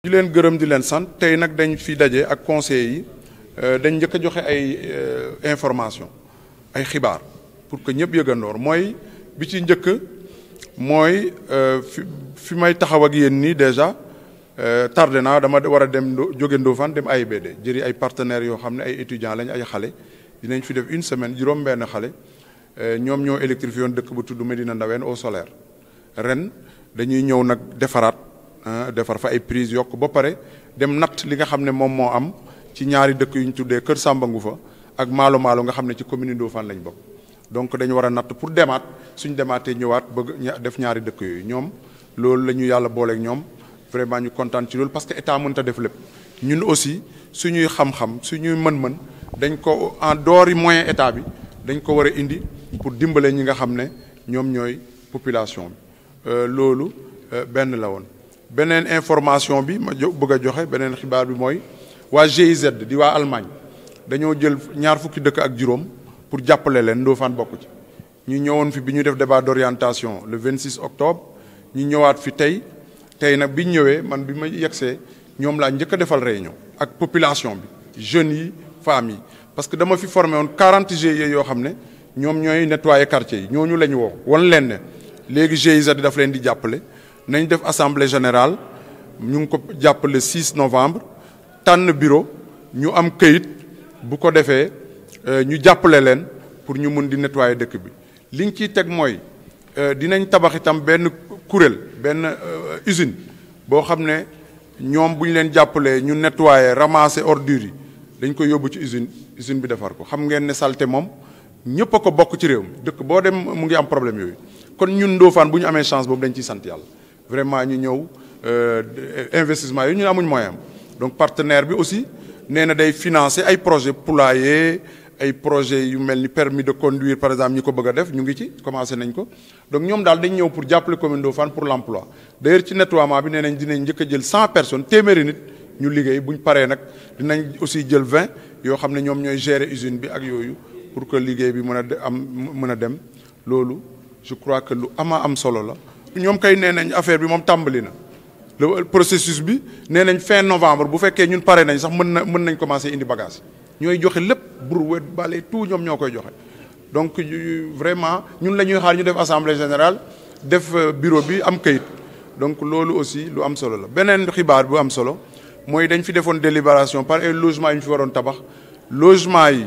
di leen gërëm di leen sant tey nag dañ fi daje ak conseil yi euh, dañ njëkk a joxe ay euh, information ay xibaar pour que ñëpp yëgandoor mooy bi ci njëkk mooy euh, fi fi may taxaw ak yéen nii déjà tardé naa dama war a dem jóge Ndofane dem ay AIBD jëri ay partenaires yoo xam ne ay étudiants lañ ay xale dinañ fi def une semaine juróom-benn xale Euh, ñoom ñoo électrifié woon dëkk bu tudd Medina au solaire ren dañuy ñëw nag defaraat hein, defar fa ay prise yokk ba dem natt li nga xam ne moom am ci ñaari dëkk yuñ ak Maalo Maalo nga xam ci commune lañ donc dañu war a pour demaat suñ demaatee ñëwaat bëgg def ñaari dëkk la ñu yàlla booleeg vraiment ñu ci parce que état mënta def lépp ñun aussi suñuy xam-xam suñuy mën-mën dañ ko en dehors moyen état bi dañ ko pour dimbalé ñi nga xamné ñom ñoy population bi euh, lolu euh, benn la woon information bi ma bëgg en joxe xibaar bi GIZ Allemagne dañoo jël ñaar fukki ak pour dofan ñu fi débat d'orientation le 26 octobre ñu ñëwaat fi tay tay nak biñu ñëwé man bi ma ñom la réunion ak population bi jeunes yi familles... parce que fi 40 GIE yo ñom ñoy nettoyer quartier yi ñooñu la ñu woo wan légui ne GIZ daf leen di jàppale nañ def assemblée générale ñu ko jàppale 6 novembre tan bureau ñu am keuyit bu ko défé euh, ñu jàppale leen pour ñu mun di nettoyer dëkk bi liñ ciy teg mooy euh, dinañ tabax itam benn kuréel benn euh, usine bo xamné ñom buñ bu ñu ñu nettoyer ramasser ordures dañ ko yobbu ci usine usine bi défar ko xam ngeen né salté mom ñëpp a ko bokk ci réew mi dëkk boo dem mu ngi am problème yooyu kon ñun Ndofane bu ñu amee chance boobu dañ ciy sant yàlla vraiment ñu ñëw euh, investissement yooyu ñun amuñ moyen donc partenaire bi aussi nee na day financer ay projet poulailler ay projet yu mel ni permis de conduire par exemple ñi ko bëgg a def ñu ngi ci commencé nañ ko donc ñoom daal dañ ñëw pour jàppale commune Ndofane pour l' emploi d' ailleurs ci nettoiement bi nee nañ dinañ njëkk a jël 100 personnes téeméeri nit ñu liggéey buñ paree nag dinañ aussi jël 20 yoo xam ne ñoom ñooy gérer usine bi ak yooyu pour que liguey bi mën am mën dem lolu je crois que lu ama am solo la. ñom kay nenañ affaire bi mom tàmbali na le processus bi nenañ fin novembre bu fekke ñun paré nañ sax mën na mën nañ commencer indi bagage ñoy joxe lépp brouette bale tout ñom ñoo joxe. donc vraiment ñun lañuy xaar ñu def assemblée générale def euh, bureau bi am kayit donc lolu aussi lu am solo la benen xibaar bu am solo moy dañ fi defoon délibération par ay logement ñu fi waroon tabax logement yi.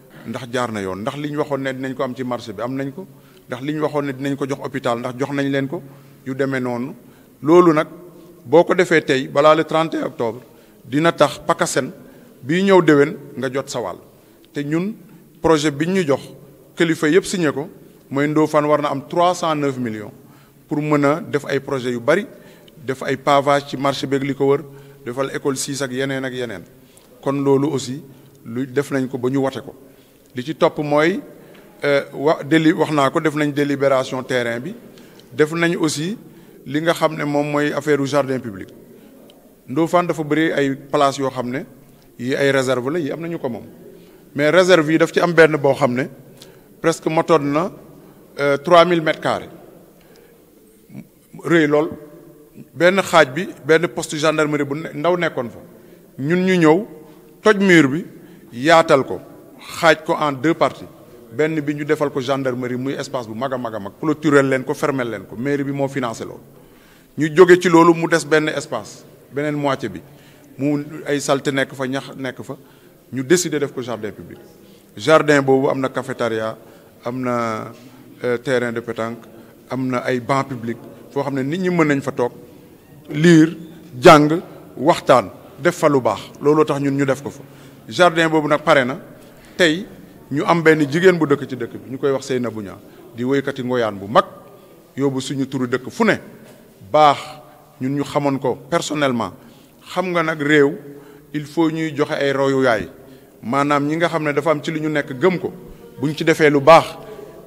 ndax jaar na yoon ndax li ñu waxoon ne dinañ ko am ci marché bi am nañ ko ndax li ñu waxoon ne dinañ ko jox hôpital ndax jox nañ leen ko yu demee noonu loolu nag boo ko defee tey balaa le 31 octobre dina tax pakasen bii ñëw déwén nga jot sa te ñun projet bi ñu jox kilifa yëpp signé ko mooy Ndofane war na am trois cent 309 millions pour mën a def ay projet yu bari def ay pava ci marché beeg li ko wër defal école 6 ak yeneen ak yeneen kon loolu aussi lu def nañ ko ba ñu wate ko. li ci topp mooy euh, wa déli wax naa ko def nañ délibération terrain bi def nañ aussi li nga xam mom moy mooy affaire jardin public ndo fan dafa bëri ay place yo xam yi ay réserve la yi am ko mom mais réserve yi daf ci am benn bo xam presque motoon na 3000 euh, mètres carrés reuy lol benn xaj bi benn poste gendarmerie bu ndaw nekkoon fa ñun ñu ñëw toj mur bi yaatal ko xaaj ko en deux parties benn bi ñu defal ko gendarmerie muy espace bu mag a mag a mag clôturel leen ko fermel leen ko mairie bi moo financé loolu. ñu jóge ci loolu mu des benn espace beneen moitié bi mu ay saleté nekk fa ñax nekk fa ñu décider def ko jardin public. jardin boobu am na cafétéria am na euh, terrain de pétanque am na ay banc public foo xam ne nit ñi mën nañ fa toog lire jàng waxtaan def fa lu baax looloo tax ñun ñu def ko fa jardin boobu nag pare na. tey ñu am benn jigéen bu dëkk ci dëkk bi ñu koy wax Seynabou Niang di woykati ngoyaan bu mag yóbbu suñu turu dëkk fu ne baax ñun ñu xamoon ko personnellement xam nga nag réew il faut ñuy joxe ay yaay maanaam ñi nga xam ne dafa am ci lu ñu nekk gëm ko buñ ci defee lu baax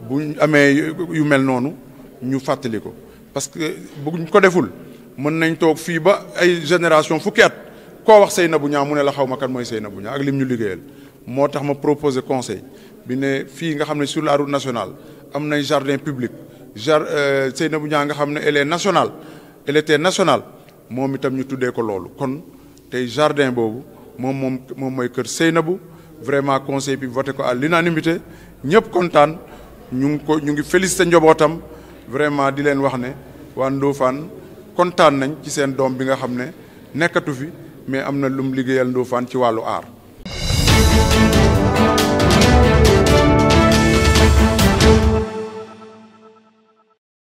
buñ amee yu mel noonu ñu fàttali ko parce que buñ ko deful mën nañ toog fii ba ay génération fukki at koo wax Seynabou Niang mu ne la xaw ma kan mooy Seynabou Niang ak lim ñu liggéeyal Je propose ma conseil bi sur la route nationale a un jardin public C'est euh, elle est nationale elle était nationale Je ñu kon jardin Je moom moom moom la kër Seynabou vraiment conseil puis voté à l'unanimité Nous suis ñu ko ñu Je félicité njobootam vraiment di leen wax suis ne fi mais am na Je suis ci Thank you